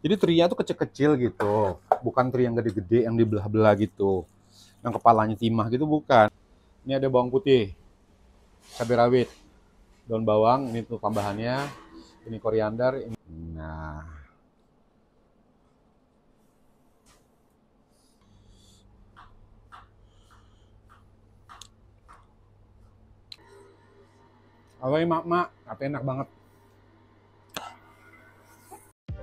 Jadi trinya tuh kecil-kecil gitu, bukan tri yang gede-gede yang dibelah-belah gitu. Yang kepalanya timah gitu bukan. Ini ada bawang putih, cabai rawit, daun bawang, ini tuh tambahannya. Ini koriander, ini... Nah. Awai mak-mak, tapi enak banget.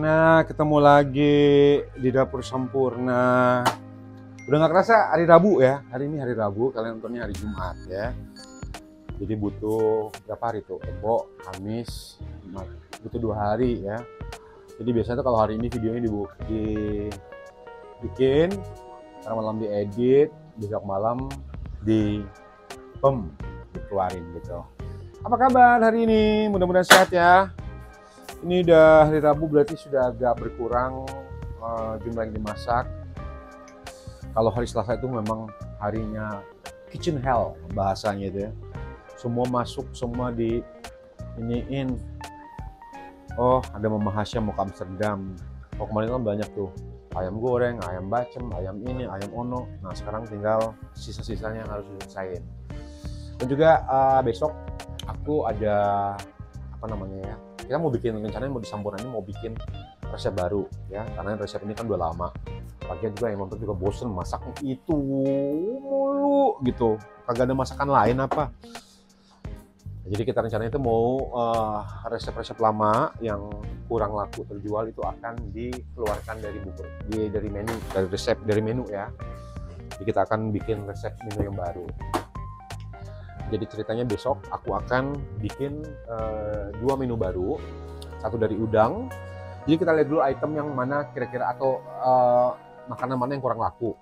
Sempurna, ketemu lagi di Dapur Sempurna. Udah nggak kerasa hari Rabu ya, hari ini hari Rabu, kalian nontonnya hari Jumat ya. Jadi butuh berapa hari tuh? Ebo, Kamis, Jumat. Butuh dua hari ya. Jadi biasanya tuh kalau hari ini videonya dibu di bikin, karena malam diedit, besok malam di pem dikeluarin gitu. Apa kabar hari ini? Mudah-mudahan sehat ya. Ini udah hari Rabu berarti sudah agak berkurang uh, jumlah yang dimasak. Kalau hari Selasa itu memang harinya kitchen hell bahasanya itu ya. Semua masuk, semua di iniin. Oh, ada Mama Hasya mau ke Amsterdam. Oh, kemarin kan banyak tuh ayam goreng, ayam bacem, ayam ini, ayam ono. Nah sekarang tinggal sisa-sisanya yang harus diselesaikan. Dan juga uh, besok aku ada apa namanya ya kita mau bikin rencananya mau di ini mau bikin resep baru ya karena resep ini kan udah lama Bagian juga yang nonton juga bosen masak itu mulu gitu kagak ada masakan lain apa jadi kita rencananya itu mau eh, resep-resep uh, lama yang kurang laku terjual itu akan dikeluarkan dari bubur dari menu dari resep dari menu ya jadi kita akan bikin resep menu yang baru jadi ceritanya besok aku akan bikin uh, dua menu baru, satu dari udang. Jadi kita lihat dulu item yang mana kira-kira atau uh, makanan mana yang kurang laku,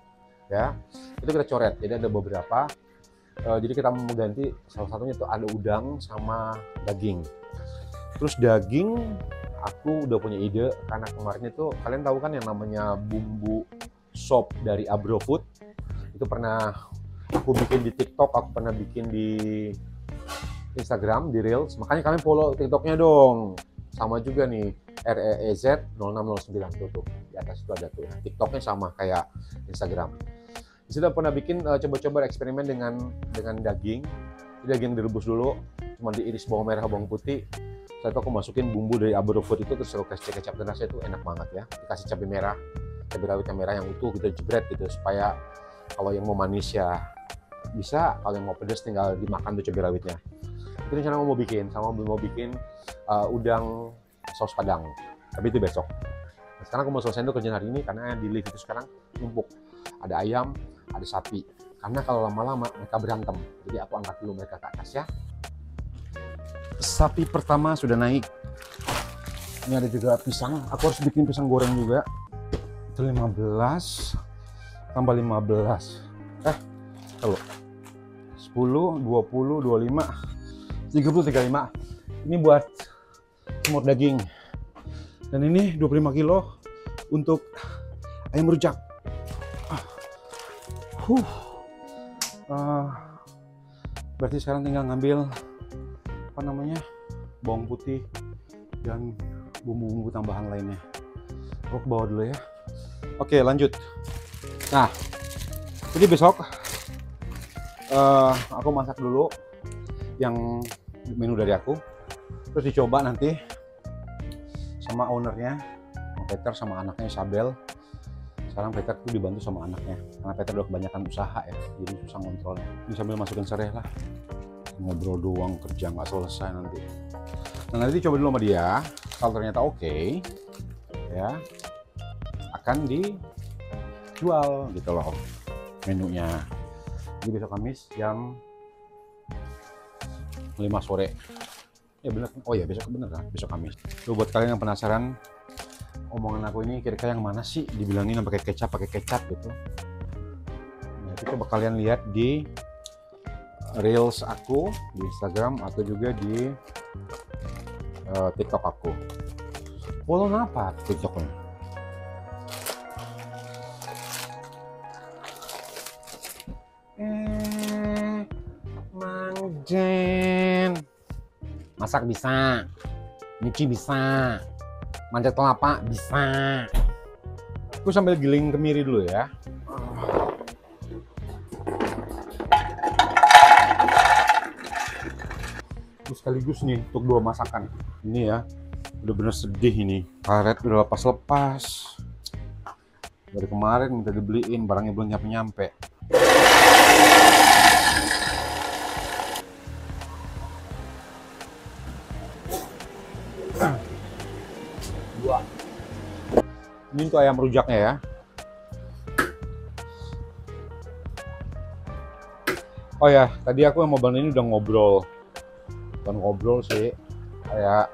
ya. Itu kita coret. Jadi ada beberapa. Uh, jadi kita mau ganti salah satunya itu ada udang sama daging. Terus daging aku udah punya ide karena kemarin itu kalian tahu kan yang namanya bumbu sop dari Abrofood itu pernah aku bikin di TikTok aku pernah bikin di Instagram di Reels makanya kalian follow TikToknya dong sama juga nih REEZ 0609 tuh, di atas itu ada tuh TikToknya sama kayak Instagram Di aku pernah bikin eh, coba-coba uh, eksperimen dengan dengan daging daging direbus dulu cuma diiris bawang merah bawang putih saya aku masukin bumbu dari food itu terus aku kasih kecap terasa itu enak banget ya dikasih cabai merah cabai rawit yang merah yang utuh gitu jebret gitu supaya kalau yang mau manis ya bisa kalau yang mau pedas tinggal dimakan tuh cabai rawitnya itu rencana mau bikin sama belum mau bikin uh, udang saus padang tapi itu besok nah, sekarang aku mau selesai dulu kerjaan hari ini karena di lift itu sekarang numpuk ada ayam ada sapi karena kalau lama-lama mereka berantem jadi aku angkat dulu mereka ke atas ya sapi pertama sudah naik ini ada juga pisang aku harus bikin pisang goreng juga itu 15 tambah 15 eh kalau 10 20 25 30 35 ini buat semur daging dan ini 25 kilo untuk ayam rujak uh. uh, berarti sekarang tinggal ngambil apa namanya bawang putih dan bumbu-bumbu tambahan lainnya aku bawa dulu ya oke lanjut nah jadi besok uh, aku masak dulu yang menu dari aku terus dicoba nanti sama ownernya Peter sama anaknya Isabel sekarang Peter tuh dibantu sama anaknya karena Peter udah kebanyakan usaha ya jadi susah kontrolnya ini sambil masukin sereh lah ngobrol doang kerja nggak selesai nanti nah nanti coba dulu sama dia kalau ternyata oke okay, ya akan di jual gitu loh menunya jadi besok Kamis jam 5 sore ya bener oh ya besok bener kan besok Kamis tuh buat kalian yang penasaran omongan aku ini kira-kira yang mana sih dibilangin pakai kecap pakai kecap gitu nah, itu coba kalian lihat di reels aku di Instagram atau juga di uh, TikTok aku follow apa TikToknya masak bisa nyuci bisa manjat kelapa bisa aku sambil giling kemiri dulu ya aku sekaligus nih untuk dua masakan ini ya udah bener sedih ini karet udah lepas-lepas dari kemarin minta dibeliin barangnya belum nyampe-nyampe Ini untuk ayam rujaknya ya. Oh ya, tadi aku sama Bang ini udah ngobrol. Bukan ngobrol sih. Kayak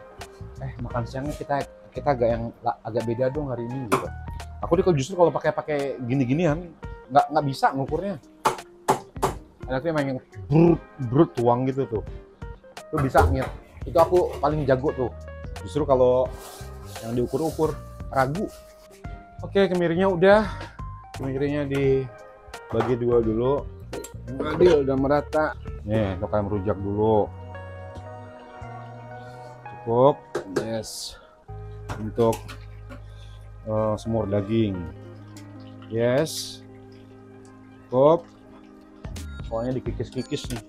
eh makan siangnya kita kita agak yang agak beda dong hari ini gitu. Aku dikau justru kalau pakai pakai gini-ginian nggak nggak bisa ngukurnya. Enaknya memang yang brut brut tuang gitu tuh. Itu bisa ngir Itu aku paling jago tuh. Justru kalau yang diukur-ukur ragu Oke, kemirinya udah. kemirinya dibagi dua dulu. adil udah merata. Nih, untuk merujak dulu. Cukup. Yes. Untuk uh, semur daging. Yes. Cukup. Pokoknya dikikis-kikis nih.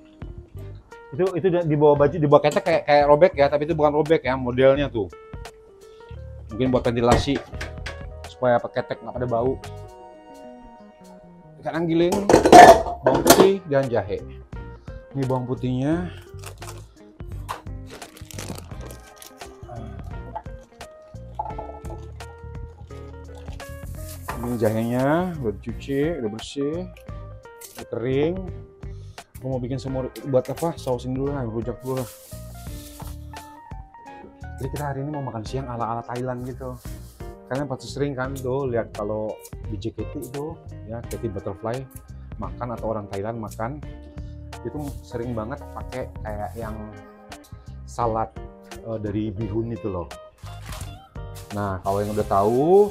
Itu itu di bawah baju, di bawah kayak kayak robek ya, tapi itu bukan robek ya modelnya tuh. Mungkin buat ventilasi supaya pakai tag nggak pada bau ikan anggiling bawang putih dan jahe ini bawang putihnya ini jahenya udah dicuci udah bersih udah kering aku mau bikin semur buat apa sausin dulu lah rujak dulu lah jadi kita hari ini mau makan siang ala ala Thailand gitu kalian pasti sering kan tuh lihat kalau di JKT itu ya JKT butterfly makan atau orang Thailand makan itu sering banget pakai kayak yang salad uh, dari bihun itu loh nah kalau yang udah tahu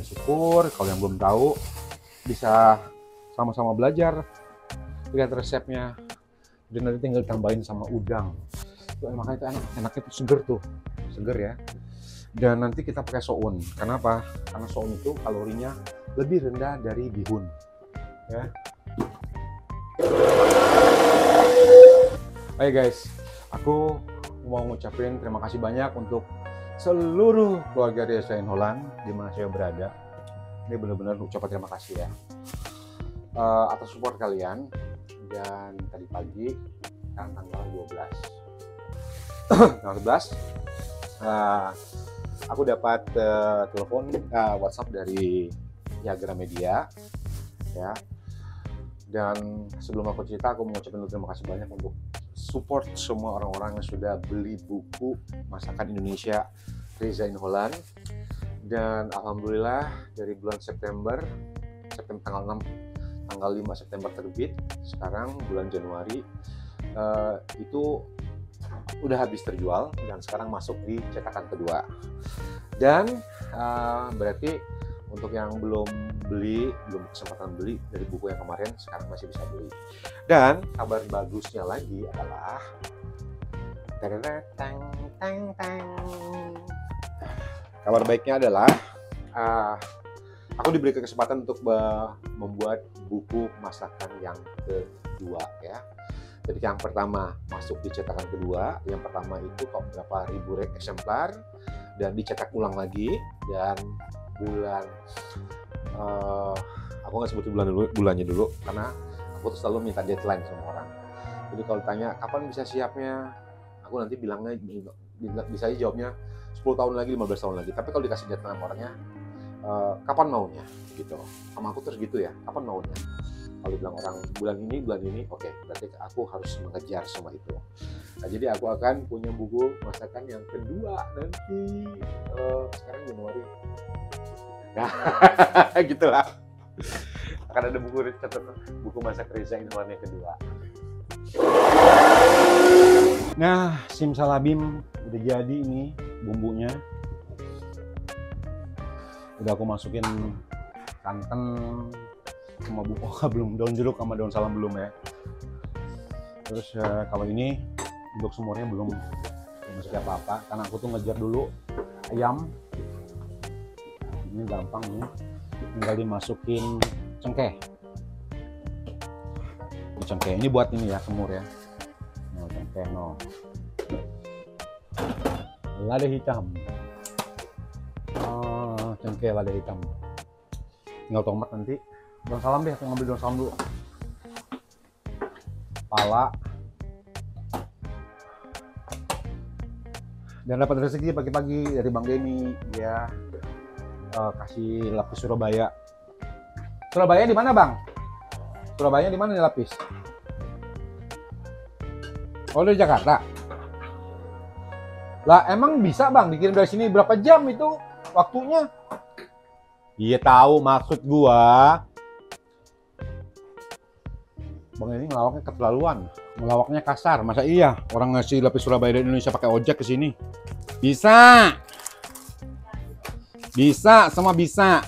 ya syukur kalau yang belum tahu bisa sama-sama belajar lihat resepnya dan nanti tinggal tambahin sama udang makanya itu enak enaknya itu seger tuh seger ya dan nanti kita pakai soun kenapa karena soun itu kalorinya lebih rendah dari bihun ya Oke guys, aku mau ngucapin terima kasih banyak untuk seluruh keluarga Desain Holland di mana saya berada. Ini benar-benar ucapan terima kasih ya uh, atas support kalian dan tadi pagi tanggal 12 tanggal 12 uh, eh, aku dapat uh, telepon uh, WhatsApp dari Yagra Media ya dan sebelum aku cerita aku mengucapkan terima kasih banyak untuk support semua orang-orang yang sudah beli buku masakan Indonesia Reza in Holland dan alhamdulillah dari bulan September September tanggal 6 tanggal 5 September terbit sekarang bulan Januari uh, itu udah habis terjual dan sekarang masuk di cetakan kedua. Dan uh, berarti untuk yang belum beli, belum kesempatan beli dari buku yang kemarin, sekarang masih bisa beli. Dan kabar bagusnya lagi adalah teng tang tang. Kabar baiknya adalah uh, aku diberi kesempatan untuk membuat buku masakan yang kedua ya jadi yang pertama masuk di cetakan kedua, yang pertama itu kok berapa ribu eksemplar dan dicetak ulang lagi dan bulan uh, aku nggak sebutin bulan dulu bulannya dulu karena aku tuh selalu minta deadline sama orang. Jadi kalau tanya kapan bisa siapnya, aku nanti bilangnya bisa aja jawabnya 10 tahun lagi, 15 tahun lagi. Tapi kalau dikasih deadline sama orangnya, uh, kapan maunya gitu. Sama aku terus gitu ya, kapan maunya kalau bilang orang bulan ini bulan ini oke okay, berarti aku harus mengejar semua itu nah, jadi aku akan punya buku masakan yang kedua nanti uh, sekarang Januari nah gitulah akan ada buku catatan buku masak Reza ini yang kedua nah simsalabim udah jadi ini bumbunya udah aku masukin santan sama bukoka belum daun jeruk sama daun salam belum ya terus uh, kalau ini untuk semurnya belum masih apa, apa karena aku tuh ngejar dulu ayam ini gampang nih tinggal dimasukin cengkeh cengkeh ini buat ini ya semur ya no, nah, cengkeh no lada hitam oh, cengkeh lada hitam tinggal tomat nanti daun salam deh aku ngambil daun salam dulu pala dan dapat rezeki pagi-pagi dari Bang Denny ya uh, kasih lapis Surabaya Surabaya di mana Bang Surabaya di mana nih lapis Oh dari Jakarta lah emang bisa Bang dikirim dari sini berapa jam itu waktunya Iya tahu maksud gua Bang ini ngelawaknya keterlaluan, ngelawaknya kasar. Masa iya orang ngasih lapis Surabaya dari Indonesia pakai ojek ke sini? Bisa. Bisa, semua bisa.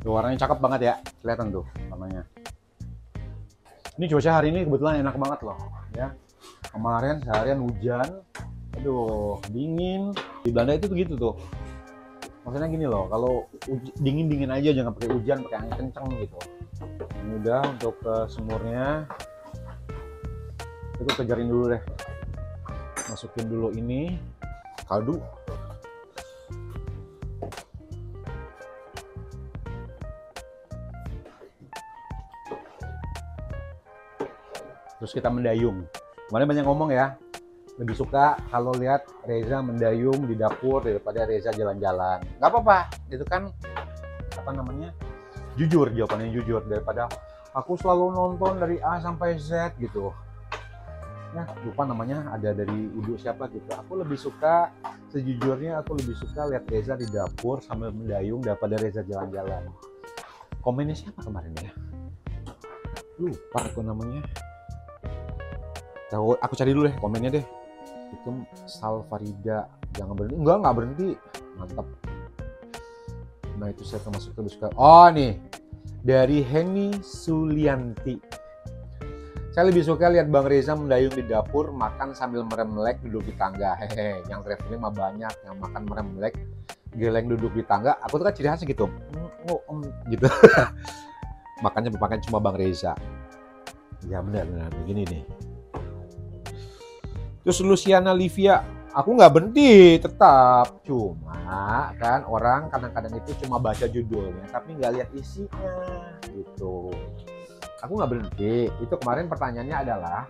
Tuh, warnanya cakep banget ya, kelihatan tuh warnanya. Ini cuaca hari ini kebetulan enak banget loh, ya. Kemarin seharian hujan, aduh dingin. Di Belanda itu begitu tuh maksudnya gini loh kalau dingin dingin aja jangan pakai hujan pakai angin kenceng gitu ini udah untuk uh, eh, semurnya itu kejarin dulu deh masukin dulu ini kaldu terus kita mendayung kemarin banyak ngomong ya lebih suka kalau lihat Reza mendayung di dapur daripada Reza jalan-jalan. Gak apa-apa, itu kan apa namanya jujur jawabannya jujur daripada aku selalu nonton dari A sampai Z gitu. Ya lupa namanya ada dari ibu siapa gitu. Aku lebih suka sejujurnya aku lebih suka lihat Reza di dapur sambil mendayung daripada Reza jalan-jalan. Komennya siapa kemarin ya? Lupa aku namanya. Aku, cari dulu deh komennya deh itu sal Farida jangan berhenti enggak nggak berhenti mantap nah itu saya termasuk terus suka oh nih dari Henny Sulianti saya lebih suka lihat Bang Reza mendayung di dapur makan sambil meremlek melek duduk di tangga hehe yang traveling mah banyak yang makan meremlek melek geleng duduk di tangga aku tuh kan ciri khasnya gitu gitu makanya pakai cuma Bang Reza ya benar benar begini nih terus Luciana Livia aku nggak berhenti tetap cuma kan orang kadang-kadang itu cuma baca judulnya tapi nggak lihat isinya gitu aku nggak berhenti itu kemarin pertanyaannya adalah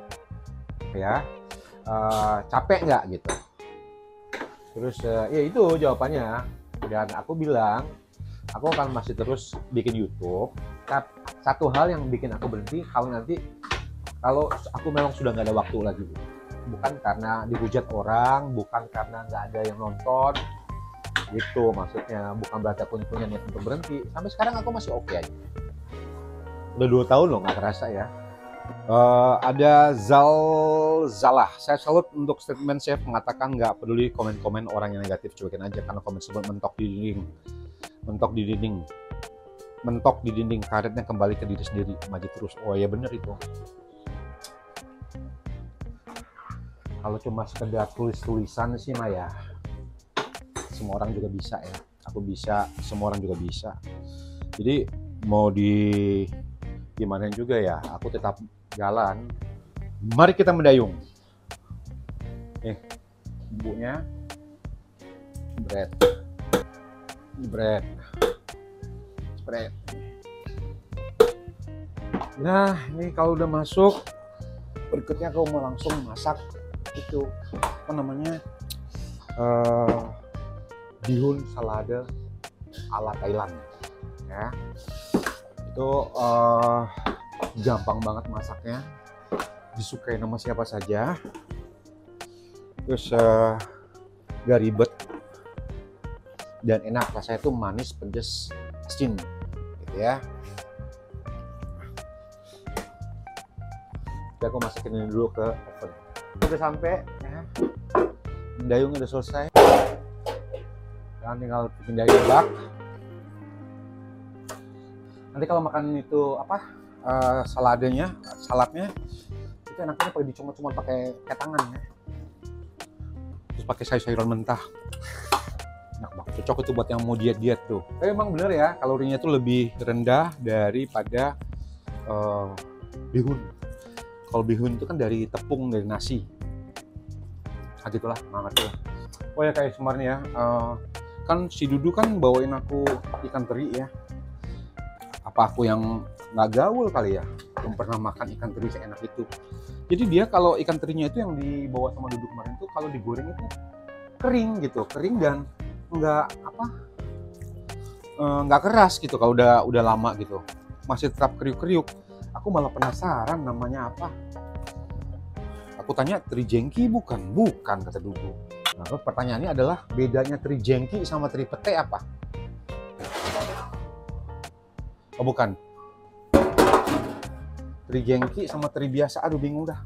ya uh, capek nggak gitu terus uh, ya itu jawabannya dan aku bilang aku akan masih terus bikin YouTube tapi satu hal yang bikin aku berhenti kalau nanti kalau aku memang sudah nggak ada waktu lagi gitu bukan karena dihujat orang bukan karena nggak ada yang nonton gitu maksudnya bukan berarti aku punya niat untuk berhenti sampai sekarang aku masih oke okay aja udah dua tahun loh nggak kerasa ya uh, ada Zal Zalah saya salut untuk statement saya mengatakan nggak peduli komen-komen orang yang negatif cuekin aja karena komen tersebut mentok di dinding mentok di dinding mentok di dinding karetnya kembali ke diri sendiri maju terus oh ya bener itu kalau cuma sekedar tulis-tulisan sih mah ya semua orang juga bisa ya aku bisa semua orang juga bisa jadi mau di gimana juga ya aku tetap jalan mari kita mendayung eh bumbunya, bread bread bread nah ini kalau udah masuk berikutnya aku mau langsung masak itu apa namanya uh, bihun salada ala Thailand ya itu uh, gampang banget masaknya disukai nama siapa saja terus uh, gak ribet dan enak rasanya itu manis pedes asin gitu ya Jadi aku masukin ini dulu ke oven udah sampai ya. dayung udah selesai sekarang tinggal pindahin bak nanti kalau makan itu apa uh, eh, saladnya saladnya itu enaknya pakai dicuma-cuma pakai ketangan ya terus pakai sayur-sayuran mentah enak banget cocok itu buat yang mau diet-diet tuh tapi emang bener ya kalorinya tuh lebih rendah daripada uh, bihun kalau bihun itu kan dari tepung dari nasi nah itulah nah, gitu lah. oh ya kayak kemarin ya uh, kan si Dudu kan bawain aku ikan teri ya apa aku yang nggak gaul kali ya belum pernah makan ikan teri seenak itu jadi dia kalau ikan terinya itu yang dibawa sama Dudu kemarin tuh kalau digoreng itu kering gitu kering dan nggak apa eh, nggak keras gitu kalau udah udah lama gitu masih tetap kriuk-kriuk Aku malah penasaran namanya apa. Aku tanya trijengki bukan? Bukan kata Dugu. Nah, pertanyaannya adalah bedanya trijengki sama tripete apa? Oh bukan. Trijengki sama tri biasa, aduh bingung dah.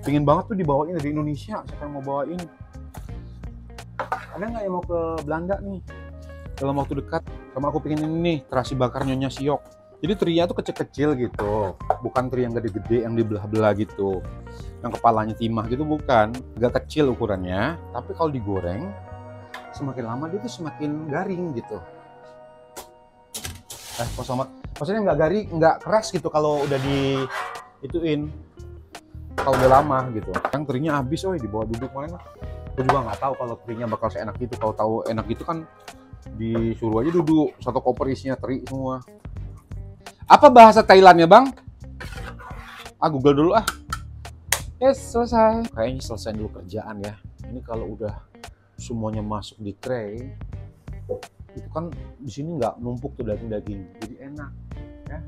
Pingin banget tuh dibawain dari Indonesia, siapa yang mau bawain? Ada nggak yang mau ke Belanda nih? Dalam waktu dekat, sama aku pingin ini nih, terasi bakarnya Nyonya Siok. Jadi terinya tuh kecil-kecil gitu, bukan teri yang gede-gede yang dibelah-belah gitu. Yang kepalanya timah gitu bukan, agak kecil ukurannya, tapi kalau digoreng semakin lama dia tuh semakin garing gitu. Eh, kok sama maksudnya nggak garing, nggak keras gitu kalau udah di ituin kalau udah lama gitu. Yang terinya habis, oh dibawa duduk mana? Gue juga nggak tahu kalau terinya bakal seenak itu. Kalau tahu enak gitu kan disuruh aja duduk satu koper isinya teri semua apa bahasa Thailandnya, Bang? Ah, Google dulu ah. Yes, selesai. Kayaknya selesai dulu kerjaan ya. Ini kalau udah semuanya masuk di tray, itu kan di sini nggak numpuk tuh daging-daging, jadi enak. Ya.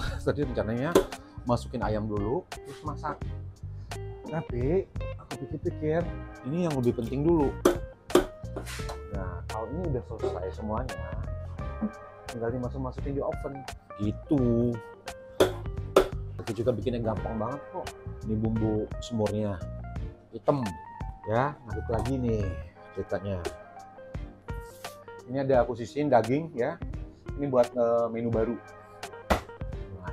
Tadi rencananya masukin ayam dulu, terus masak. Tapi aku pikir-pikir, ini yang lebih penting dulu. Nah, kalau ini udah selesai semuanya, tinggal dimasuk masukin di oven gitu aku juga bikinnya gampang banget kok ini bumbu semurnya hitam ya ngaduk lagi nih ceritanya ini ada aku sisihin daging ya ini buat uh, menu baru nah,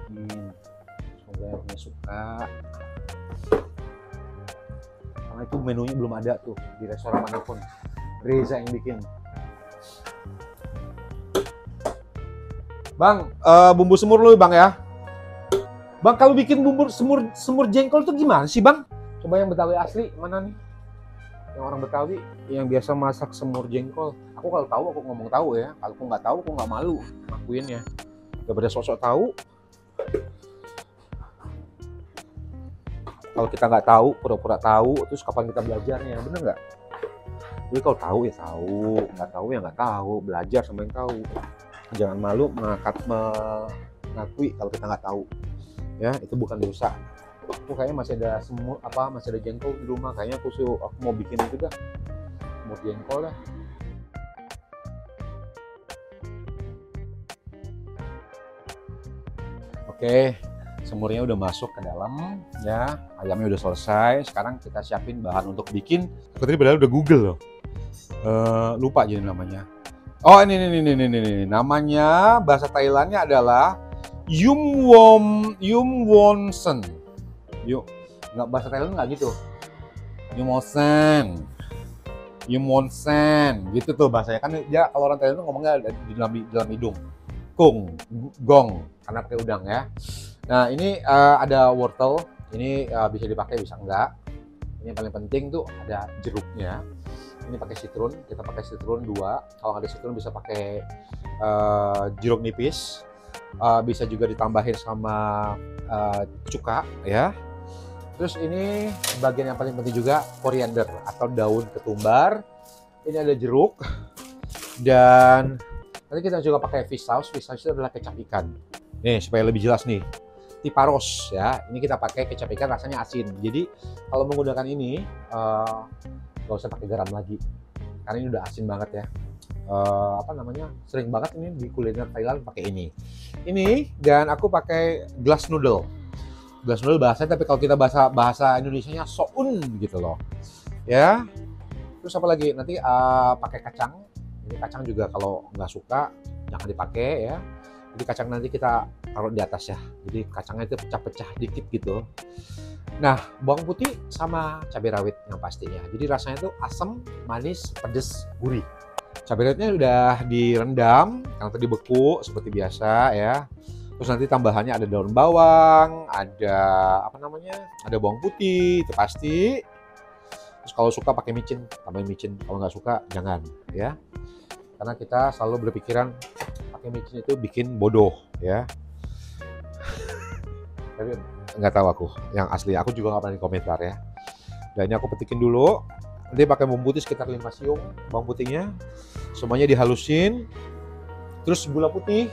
semoga yang suka karena itu menunya belum ada tuh di restoran manapun Reza yang bikin Bang, uh, bumbu semur lu bang ya. Bang, kalau bikin bumbu semur semur jengkol tuh gimana sih bang? Coba yang Betawi asli mana nih? Yang orang Betawi yang biasa masak semur jengkol. Aku kalau tahu aku ngomong tahu ya. Kalau aku nggak tahu aku nggak malu ngakuin ya. Gak pada sosok tahu. Kalau kita nggak tahu, pura-pura tahu, terus kapan kita belajarnya? Bener nggak? Jadi kalau tahu ya tahu, nggak tahu ya nggak tahu, belajar sama yang tahu jangan malu mengakat mengakui kalau kita nggak tahu ya itu bukan dosa aku kayaknya masih ada semut apa masih ada jengkol di rumah kayaknya aku suruh aku mau bikin itu dah mau jengkol lah oke semurnya udah masuk ke dalam ya ayamnya udah selesai sekarang kita siapin bahan untuk bikin aku tadi padahal udah google loh uh, lupa jadi namanya Oh ini ini ini ini, ini. namanya bahasa Thailandnya adalah Yum Wom Yum Won Sen. Yuk, nggak bahasa Thailand nggak gitu. Yum Won Sen. Yum Won Sen. gitu tuh bahasanya kan ya kalau orang Thailand tuh ngomongnya di dalam di dalam hidung. Kung, gong, karena pakai udang ya. Nah ini uh, ada wortel, ini uh, bisa dipakai bisa enggak. Ini yang paling penting tuh ada jeruknya ini pakai citron kita pakai citron dua kalau ada citron bisa pakai uh, jeruk nipis uh, bisa juga ditambahin sama uh, cuka ya terus ini bagian yang paling penting juga koriander atau daun ketumbar ini ada jeruk dan nanti kita juga pakai fish sauce fish sauce itu adalah kecap ikan nih supaya lebih jelas nih tiparos ya ini kita pakai kecap ikan rasanya asin jadi kalau menggunakan ini uh, kalau usah pakai garam lagi karena ini udah asin banget ya uh, apa namanya sering banget ini di kuliner Thailand pakai ini ini dan aku pakai glass noodle glass noodle bahasanya tapi kalau kita bahasa bahasa Indonesia nya soun gitu loh ya terus apa lagi nanti uh, pakai kacang ini kacang juga kalau nggak suka jangan dipakai ya jadi kacang nanti kita taruh di atas ya jadi kacangnya itu pecah-pecah dikit gitu nah bawang putih sama cabai rawit yang pastinya jadi rasanya itu asam manis pedes gurih cabai rawitnya udah direndam yang tadi beku seperti biasa ya terus nanti tambahannya ada daun bawang ada apa namanya ada bawang putih itu pasti terus kalau suka pakai micin tambahin micin kalau nggak suka jangan ya karena kita selalu berpikiran pakai micin itu bikin bodoh ya tapi nggak tahu aku yang asli aku juga nggak pernah di komentar ya dan ini aku petikin dulu dia pakai bumbu putih sekitar lima siung bawang putihnya semuanya dihalusin terus gula putih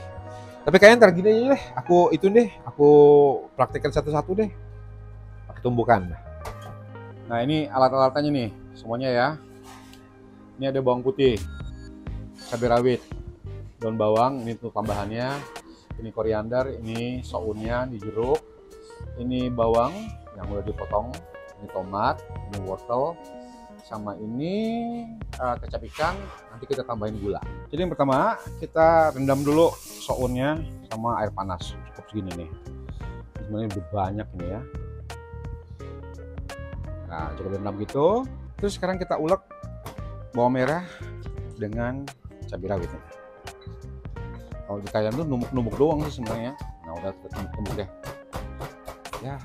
tapi kayaknya ntar gini aja deh aku itu deh aku praktekkan satu-satu deh pakai tumbukan nah ini alat alatnya nih semuanya ya ini ada bawang putih cabai rawit daun bawang ini tuh tambahannya ini koriander ini sounnya di jeruk ini bawang yang udah dipotong ini tomat ini wortel sama ini uh, kecap ikan nanti kita tambahin gula jadi yang pertama kita rendam dulu sounnya sama air panas cukup segini nih sebenarnya udah banyak ini ya nah cukup rendam gitu terus sekarang kita ulek bawang merah dengan cabai rawit kalau di kalian tuh numuk-numuk doang sih sebenarnya nah udah numpuk-numpuk deh ya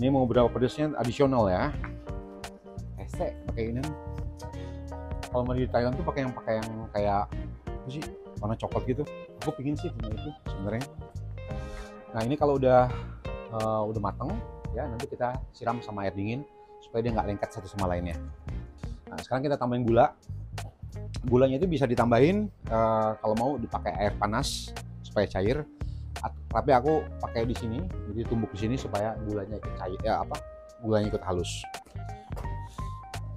ini mau berapa pedasnya adisional ya ese pakai ini kalau mau di Thailand tuh pakai yang pakai yang kayak apa sih warna coklat gitu aku pingin sih punya itu sebenarnya nah ini kalau udah uh, udah mateng ya nanti kita siram sama air dingin supaya dia nggak lengket satu sama lainnya nah sekarang kita tambahin gula gulanya itu bisa ditambahin uh, kalau mau dipakai air panas supaya cair tapi aku pakai di sini jadi tumbuk di sini supaya gulanya ikut cair ya apa gulanya ikut halus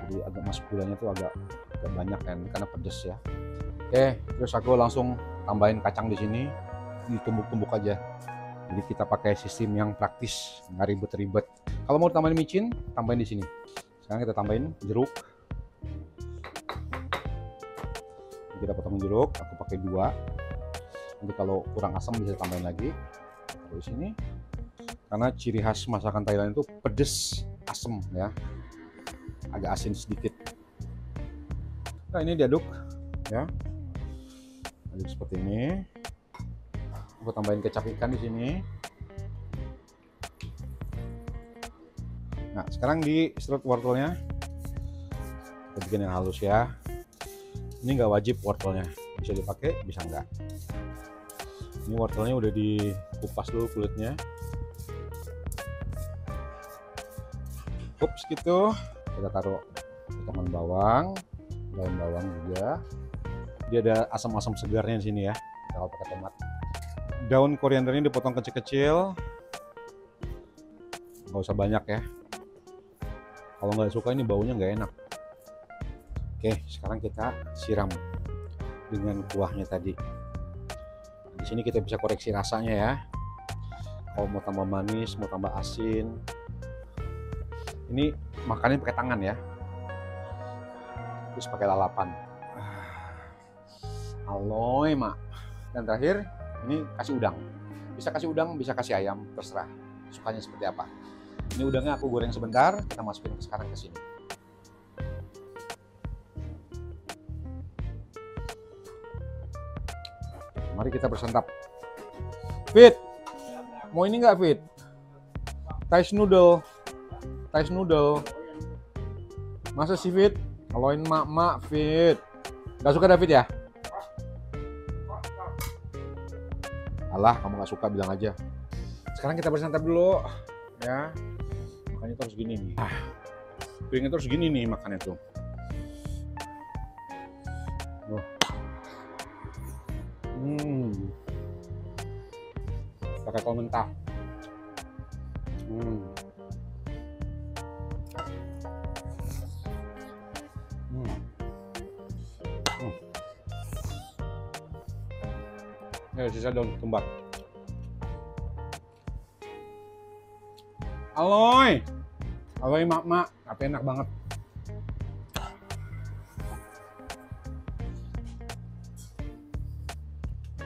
jadi agak masuk gulanya tuh agak, agak banyak kan karena pedes ya oke terus aku langsung tambahin kacang di sini ditumbuk-tumbuk aja jadi kita pakai sistem yang praktis nggak ribet-ribet kalau mau tambahin micin tambahin di sini sekarang kita tambahin jeruk kita potong jeruk aku pakai dua nanti kalau kurang asam bisa tambahin lagi terus ini karena ciri khas masakan Thailand itu pedes asam ya agak asin sedikit nah ini diaduk ya aduk seperti ini aku tambahin kecap ikan di sini nah sekarang di serut wortelnya kita bikin yang halus ya ini nggak wajib wortelnya bisa dipakai bisa enggak ini wortelnya udah dikupas dulu kulitnya ups gitu kita taruh potongan bawang daun bawang juga dia ada asam-asam segarnya di sini ya kalau pakai tomat daun koriandernya dipotong kecil-kecil nggak usah banyak ya kalau nggak suka ini baunya nggak enak oke sekarang kita siram dengan kuahnya tadi di sini kita bisa koreksi rasanya ya kalau mau tambah manis mau tambah asin ini makannya pakai tangan ya terus pakai lalapan ah, aloy mak dan terakhir ini kasih udang bisa kasih udang bisa kasih ayam terserah sukanya seperti apa ini udangnya aku goreng sebentar kita masukin sekarang ke sini mari kita bersantap Fit mau ini nggak Fit Thai noodle Thai noodle masa sih Fit kalauin mak-mak Fit Gak suka David ya? Alah, kamu gak suka bilang aja. Sekarang kita bersantap dulu, ya. Makanya terus gini nih. Ah, piringnya terus gini nih makannya tuh. hmm. pakai komentar hmm. Hmm. Hmm. ya sisa daun ketumbar. aloy aloy mak mak tapi enak banget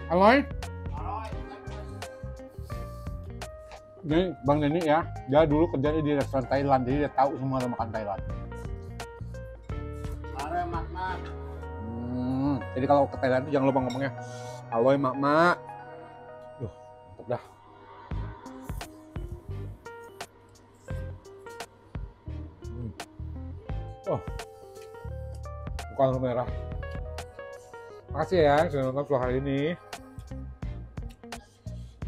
Halo. Ini Bang Denny ya, dia dulu kerja di restoran Thailand, jadi dia tahu semua orang makan Thailand. Aloy mak mak. Hmm, jadi kalau ke Thailand itu jangan lupa ngomongnya, aloy mak mak. Duh, mantap dah. Hmm. Oh, bukan merah. Makasih ya sudah nonton vlog hari ini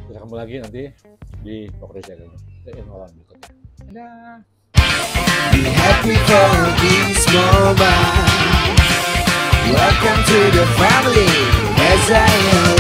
kita ketemu lagi nanti di Pokoknya Jaga ini Holland berikutnya dadah Be happy